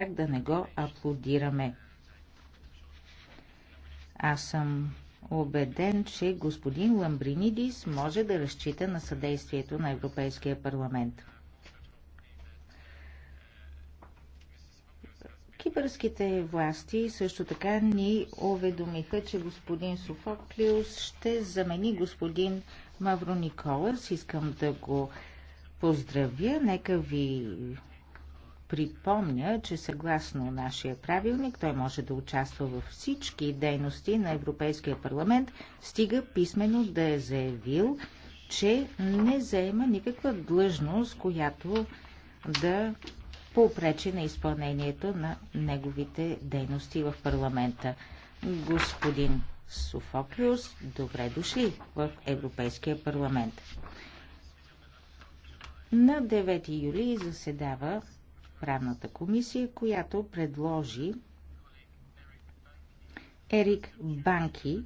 как да не го аплодираме. Аз съм убеден, че господин Ламбринидис може да разчита на съдействието на Европейския парламент. Кипърските власти също така ни уведомиха, че господин Софоклиус ще замени господин Мавро Николас. Искам да го поздравя. Нека ви припомня, че съгласно нашия правилник той може да участва във всички дейности на Европейския парламент, стига писменно да е заявил, че не заема никаква длъжност, която да попречи на изпълнението на неговите дейности в парламента. Господин Софоклиус, добре дошли в Европейския парламент. На 9 юли заседава правната комисия, която предложи Ерик Банки